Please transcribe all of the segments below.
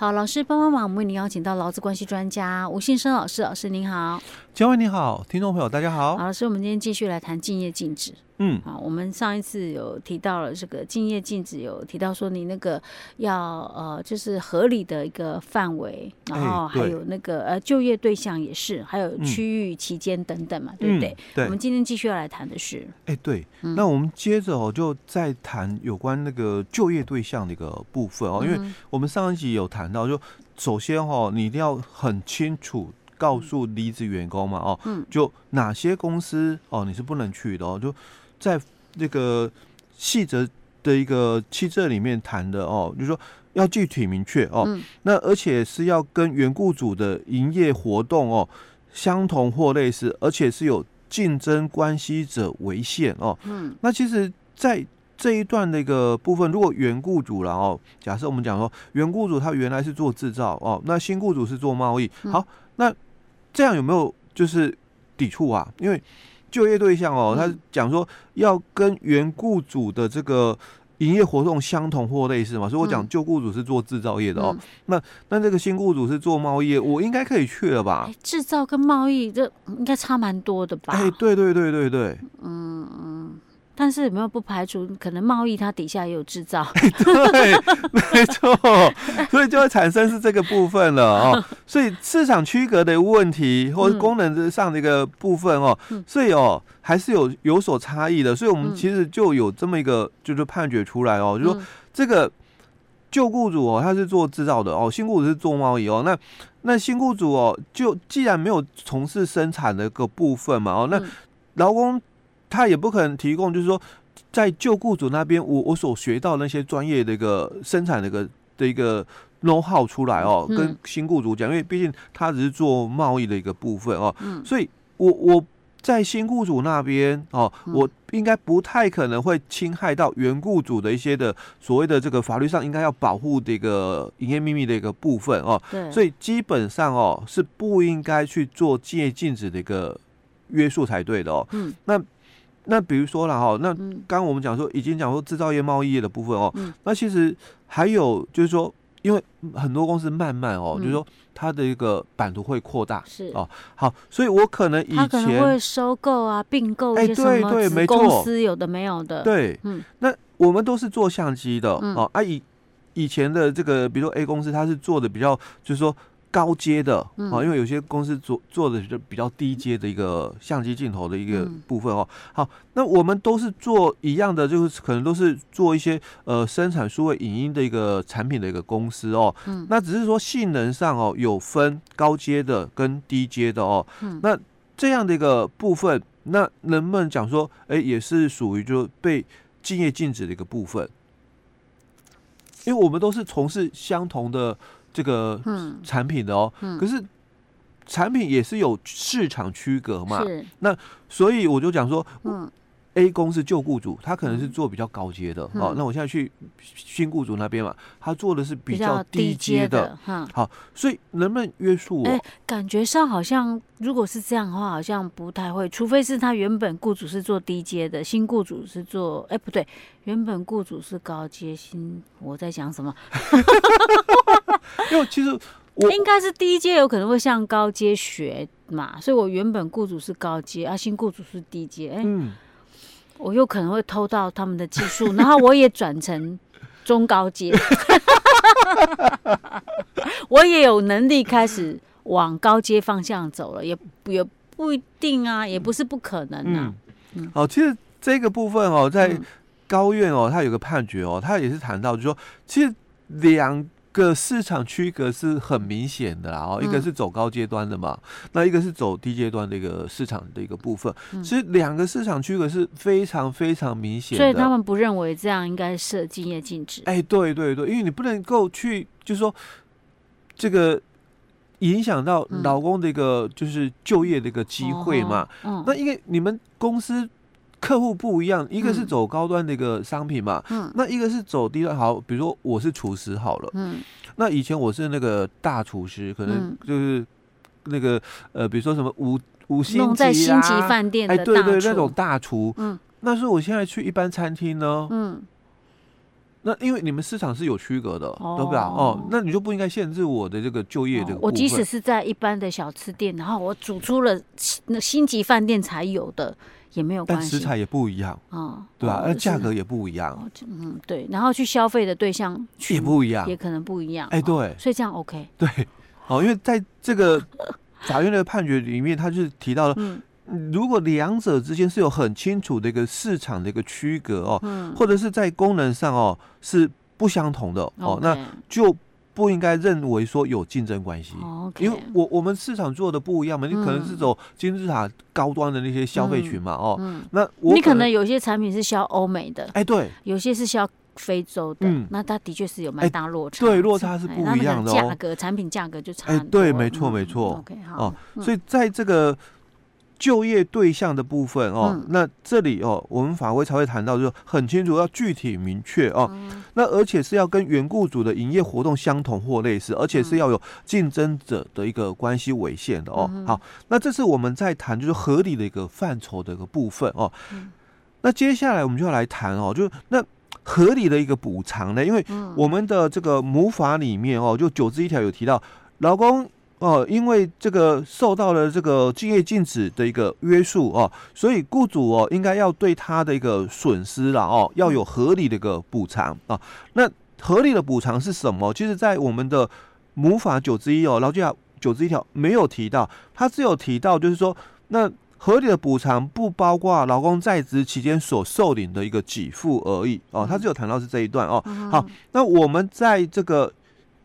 好，老師幫幫忙，我們為您邀請到勞資關係專家吳信生老師，老師您好，姜偉，你好，聽眾朋友大家好，好，老師，我們今天繼續來談競業禁止。嗯好，我們上一次有提到了這個競業禁止，有提到說你那個要呃，就是合理的一個範圍，然後還有那個、欸、呃就業對象也是，還有區域期間等等嘛，嗯、對不對？嗯、對。我們今天繼續要來談的是，哎、欸，對。嗯、那我們接着哦、喔，就再談有關那個就業對象的一個部分哦、喔，嗯、因為我們上一集有談到，就首先哈、喔，你一定要很清楚告訴離職員工嘛、喔，哦，嗯，就哪些公司哦、喔、你是不能去的哦、喔，就。在那個細則的一個細則裡面談的哦、喔，就是說要具體明確哦，那而且是要跟原雇主的營業活動哦、喔、相同或類似，而且是有競爭關係者為限哦。嗯，那其實，在這一段的一個部分，如果原雇主了哦，假設我們講說原雇主他原來是做制造哦、喔，那新雇主是做貿易，好，那這樣有沒有就是抵觸啊？因為競業對象哦，他講說要跟原雇主的這個營業活動相同或類似嘛，所以我講舊雇主是做製造業的哦，嗯嗯、那那這個新雇主是做貿易，嗯、我應該可以去了吧？製造跟貿易這應該差蠻多的吧？哎、欸，對對對對對，嗯嗯。嗯但是有沒有不排除可能貿易它底下也有製造？ 對，沒錯，所以就會產生是這個部分了哦。所以市場區隔的問題或是功能上的一個部分哦，所以哦還是有有所差異的。所以我們其實就有這麼一個就是判決出來哦，就是說這個舊雇主哦，他是做製造的哦，新雇主是做貿易哦。那那新雇主哦就既然沒有從事生產的一個部分嘛哦，那勞工。他也不可能提供，就是說，在舊雇主那邊，我我所學到那些專業的一個生產的一個的一個 know how 出來哦，嗯、跟新雇主講，因為畢竟他只是做貿易的一個部分哦，嗯、所以我我在新雇主那邊哦，嗯、我應該不太可能會侵害到原雇主的一些的所謂的這個法律上應該要保護的一個營業秘密的一個部分哦，對所以基本上哦，是不應該去做競業禁止的一個約束才對的哦，嗯，那。那比如說啦，哦，那剛我們講說已經講說製造業、貿易業的部分哦、喔，嗯、那其實還有就是說，因為很多公司慢慢哦、喔，嗯、就是說它的一個版圖會擴大，是哦、喔、好，所以我可能以前它可能會收購啊、併購一對一些什麼公司，有的沒有的，欸、對，對，嗯，那我們都是做相機的哦、嗯喔、啊以，以以前的這個，比如說 A 公司，它是做的比較就是說。高階的啊、哦，因為有些公司做做的就比較低階的一個相機鏡頭的一個部分哦。嗯、好，那我們都是做一樣的，就是可能都是做一些呃生產數位影音的一個產品的一個公司哦。嗯，那只是說性能上哦有分高階的跟低階的哦。嗯、那這樣的一個部分，那人們講說，哎、欸，也是屬於就是被競業禁止的一個部分，因為我們都是從事相同的。這個產品的哦，嗯嗯、可是產品也是有市場區隔嘛。是那，所以我就講說，嗯，A 公司舊僱主他可能是做比較高階的、嗯哦、那我現在去新僱主那邊嘛，他做的是比較低階的。哈，嗯、好，所以能不能約束我？哎，感覺上好像如果是這樣的話，好像不太會，除非是他原本僱主是做低階的，新僱主是做，哎，不對，原本僱主是高階，新我在想什麼？ 因為其實我應該是低階，有可能會向高階學嘛，所以我原本雇主是高階，阿、啊、新雇主是低階，哎、欸，嗯、我又可能會偷到他們的技術，然後我也轉成中高階， 我也有能力開始往高階方向走了，也也不一定啊，也不是不可能啊。嗯嗯、哦，其實這個部分哦，在高院哦，他有個判決哦，他也是談到就是說，其實兩個市場區隔是很明顯的啦，哦，一個是走高階端的嘛，那一個是走低階端的一個市場的一個部分，其實兩個市場區隔是非常非常明顯的，所以他們不認為這樣應該設競業禁止。哎，對對對，因為你不能夠去就是說這個影響到勞工的一個就是就業的一個機會嘛，那因為你們公司。客戶不一樣，一個是走高端的一個商品嘛，嗯、那一個是走低端。好，比如說我是廚師好了，嗯、那以前我是那個大廚師，可能就是那個呃，比如說什麼五五星級、啊、在星級飯店的，哎、對對，那種大廚。嗯，那是我現在去一般餐廳呢。嗯，那因為你們市場是有區隔的，對、哦、不對？哦，那你就不應該限制我的這個就業這個、哦。我即使是在一般的小吃店，然後我煮出了那星級飯店才有的。也沒有關係，但食材也不一樣啊，對吧？那價格也不一樣，嗯，對。然後去消費的對象也不一樣，也可能不一樣，哎，對。所以這樣 OK，對，哦，因為在這個法院的判決裡面，他就是提到了，如果兩者之間是有很清楚的一個市場的一個區隔哦，或者是在功能上哦是不相同的哦，那就。不應該認為說有競爭關係，okay, 因為我我們市場做的不一樣嘛，嗯、你可能是走金字塔高端的那些消費群嘛，嗯、哦，那可你可能有些產品是銷歐美的，哎、欸，對，有些是銷非洲的，嗯、那它的確是有蠻大落差，對，落差是不一樣的、哦，價、欸、格產品價格就差很多，哎、欸，對，沒錯沒錯、嗯、，OK 好、哦，所以在這個。嗯就業對象的部分哦，嗯、那這裡哦，我們法規才會談到，就是很清楚要具體明確哦，嗯、那而且是要跟原雇主的營業活動相同或類似，而且是要有競爭者的一個關係為限的哦。嗯、好，那這是我們在談就是合理的一個範疇的一個部分哦。嗯、那接下來我們就要來談哦，就那合理的一個補償呢，因為我們的這個母法裡面哦，就九條之一有提到，勞工。哦，因為這個受到了這個競業禁止的一個約束哦，所以雇主哦應該要對他的一個損失了哦，要有合理的一個補償啊。那合理的補償是什麼？其實，在我們的母法九之一哦，勞基法九之一條沒有提到，它只有提到就是說，那合理的補償不包括勞工在職期間所受領的一個給付而已哦，它只有談到是這一段哦。好，那我們在這個。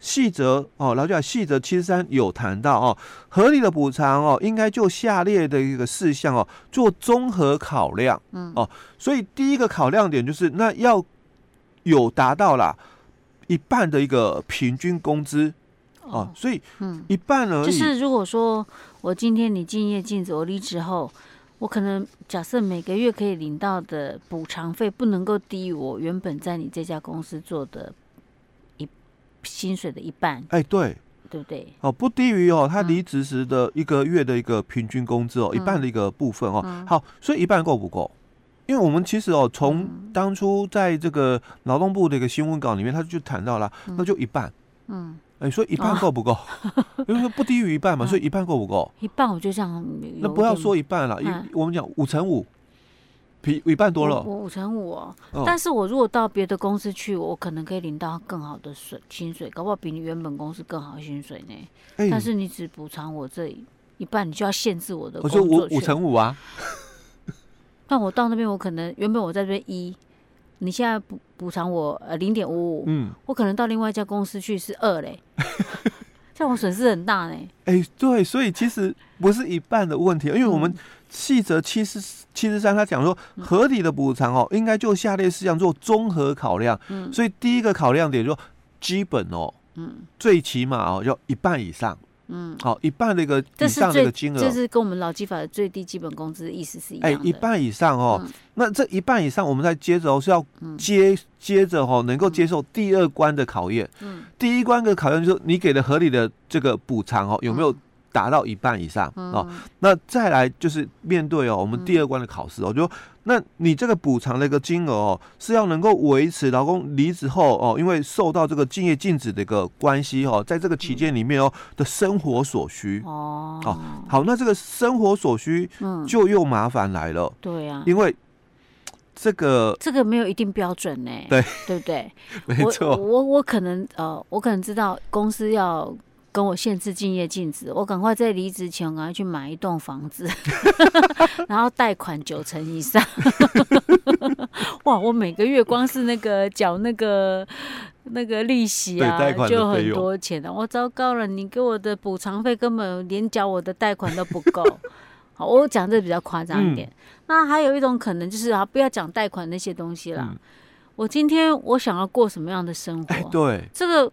細則哦，老蔣，細則七十三有談到哦，合理的補償哦，應該就下列的一個事項哦，做綜合考量，嗯哦，所以第一個考量點就是，那要有達到啦一半的一個平均工資哦，所以嗯，一半呢，就是如果說我今天你競業禁止，我離職後，我可能假設每個月可以領到的補償費，不能夠低於我原本在你這家公司做的。薪水的一半，哎，對，對不對？哦，不低於哦，他離職時的一個月的一個平均工資哦，一半的一個部分哦。好，所以一半夠不夠？因為我們其實哦，從當初在這個勞動部的一個新聞稿裡面，他就談到了，那就一半。嗯，哎，所以一半夠不夠？因為說不低於一半嘛，所以一半夠不夠？一半我就這樣。那不要說一半了，因我們講五成五。比一半多了，我五成五哦。哦，但是我如果到別的公司去，我可能可以領到更好的水薪水，搞不好比你原本公司更好的薪水呢。欸、但是你只補償我這一半，你就要限制我的工作權。我說我五成五啊。那我到那邊，我可能原本我在這邊一，你現在補補償我呃零點五五，嗯，我可能到另外一家公司去是二嘞。 這種損失很大呢，哎、欸，對，所以其實不是一半的問題，因為我們細則七十七十三，他講說合理的補償哦，應該就下列事項做綜合考量。嗯，所以第一個考量點就是基本哦，嗯，最起碼哦要一半以上。嗯，好，一半那個以上的個金額，就是，是跟我們勞基法的最低基本工資的意思是一樣的。哎，一半以上哦，嗯、那這一半以上，我們再接着哦，是要接、嗯、接着哈、哦，能夠接受第二關的考驗。嗯，第一關的考驗就是你給的合理的這個補償哦，有沒有？達到一半以上，嗯哦、那再來就是面對哦，我們第二關的考試，哦，我、嗯、就說，那你這個補償的一個金額哦，是要能夠維持勞工離職後哦，因為受到這個競業禁止的一個關係哦，在這個期間裡面哦、嗯、的生活所需哦，好、哦，好，那這個生活所需就又麻煩來了，嗯、對呀、啊，因為這個這個沒有一定標準呢，對，對不對？ 沒錯錯，我我可能呃，我可能知道公司要。跟我限制競業禁止，我趕快在離職前，趕快去買一棟房子， 然後貸款九成以上。 哇，我每個月光是那個繳那個那個利息啊，就很多錢了、啊。我糟糕了，你給我的補償費根本連繳我的貸款都不夠。好，我講這比較誇張一點。嗯、那還有一種可能就是啊，不要講貸款那些東西啦。嗯、我今天我想要過什麼樣的生活？欸、對，這個。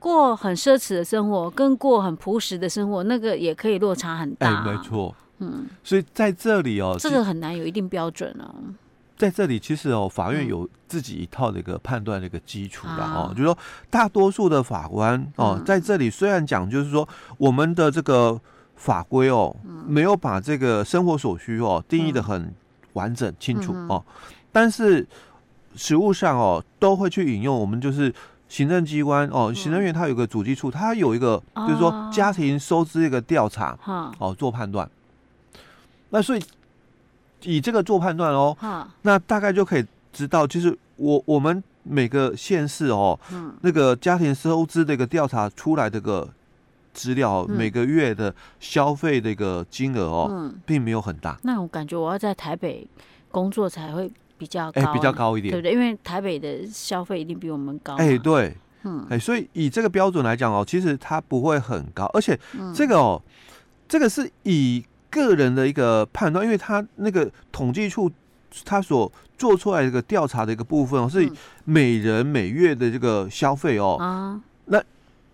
過很奢侈的生活，跟過很樸實的生活，那個也可以落差很大、啊。哎、欸，沒錯，嗯，所以在這裡哦、喔，這個很難有一定標準哦、啊，在這裡，其實哦、喔，法院有自己一套的一個判斷的一個基礎的哦，嗯啊、就是說大多數的法官哦、啊，嗯、在這裡雖然講就是說，我們的這個法規哦、喔，嗯、沒有把這個生活所需哦、喔、定義的很完整、嗯、清楚哦、啊，嗯、哼但是實務上哦、喔，都會去引用我們就是。行政機關哦，行政院它有個主計處，它有一個就是說家庭收支一個調查，好、哦，哦，哦做判斷。那所以以這個做判斷哦，哦那大概就可以知道，就是我我們每個縣市哦，嗯、那個家庭收支的一個調查出來的這個資料，每個月的消費的一個金額哦，嗯嗯、並沒有很大。那我感覺我要在台北工作才會。比較高，哎、欸，比較高一點，對不對？因為台北的消費一定比我們高，哎、欸，對，嗯，哎、欸，所以以這個標準來講哦，其實它不會很高，而且這個哦，嗯、這個是以個人的一個判斷，因為他那個統計處他所做出來的一個調查的一個部分哦，是每人每月的這個消費哦，啊、嗯，那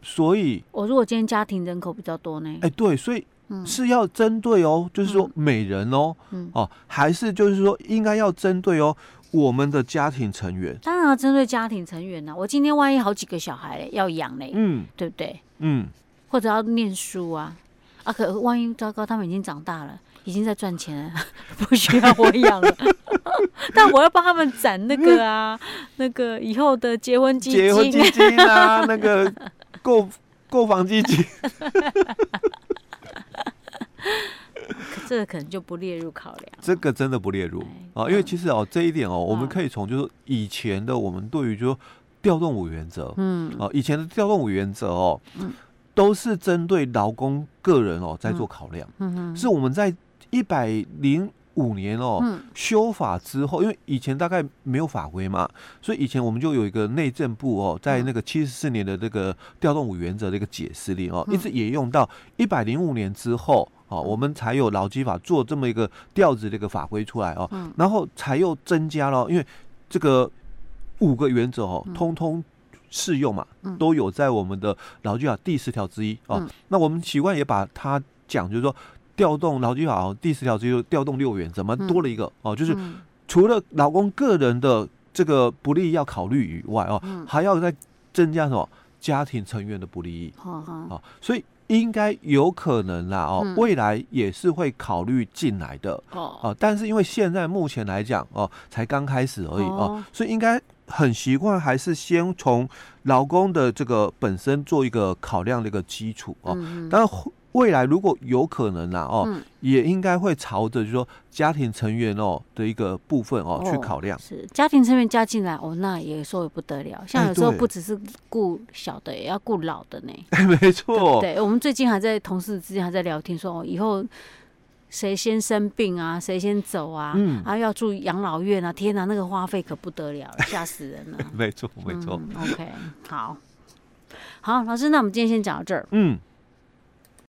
所以我如果今天家庭人口比較多呢，哎、欸，對，所以。嗯、是要針對哦，就是說美人哦，哦、嗯嗯啊，還是就是說應該要針對哦，我們的家庭成員。當然要針對家庭成員了、啊。我今天萬一好幾個小孩要養嘞，嗯，對不對？嗯，或者要念書啊啊！可萬一糟糕，他們已經長大了，已經在賺錢了，不需要我養了。 但我要幫他們攢那個啊，那個以後的結婚基金。結婚基金啊，那個購購房基金。 這個可能就不列入考量，這個真的不列入，嗯、啊，因為其實哦，這一點哦，嗯、我們可以從就是以前的我們對於就是調動五原則，嗯，啊，以前的調動五原則哦，嗯、都是針對勞工個人哦在做考量，嗯，嗯，嗯，嗯，是我們在一百零。五年哦，修法之後，因為以前大概沒有法規嘛，所以以前我們就有一個內政部哦，在那個七十四年的這個調動五原則的一個解釋裡哦，一直沿用到一百零五年之後哦，我們才有勞基法做這麼一個調子的一個法規出來哦，然後才又增加了，因為這個五個原則哦，通通適用嘛，都有在我們的勞基法第十條之一哦。那我們習慣也把它講，就是說。調動，然後就好。第十條就是調動六元，怎麼多了一個哦、嗯啊？就是除了勞工個人的這個不利要考慮以外哦，啊嗯、還要再增加什麼家庭成員的不利益？好呵，好、啊，所以應該有可能啦哦，啊嗯、未來也是會考慮進來的哦、啊。但是因為現在目前來講哦、啊，才剛開始而已哦、啊，所以應該很習慣還是先從勞工的這個本身做一個考量的一個基礎哦。啊嗯、哼當然。未來如果有可能吶、啊、哦，嗯、也應該會朝着就是說家庭成員哦的一個部分哦，哦去考量，是家庭成員加進來哦，那也說也不得了。像有時候不只是顧小的，欸、對也要顧老的呢。欸、沒錯。對，對，對，我們最近還在同事之間還在聊天說哦，以後誰先生病啊，誰先走啊，嗯、啊還要住養老院啊，天哪、啊，那個花費可不得了，了，嚇死人了。欸、沒錯，沒錯、嗯。OK，好，好，老師，那我們今天先講到這兒。嗯。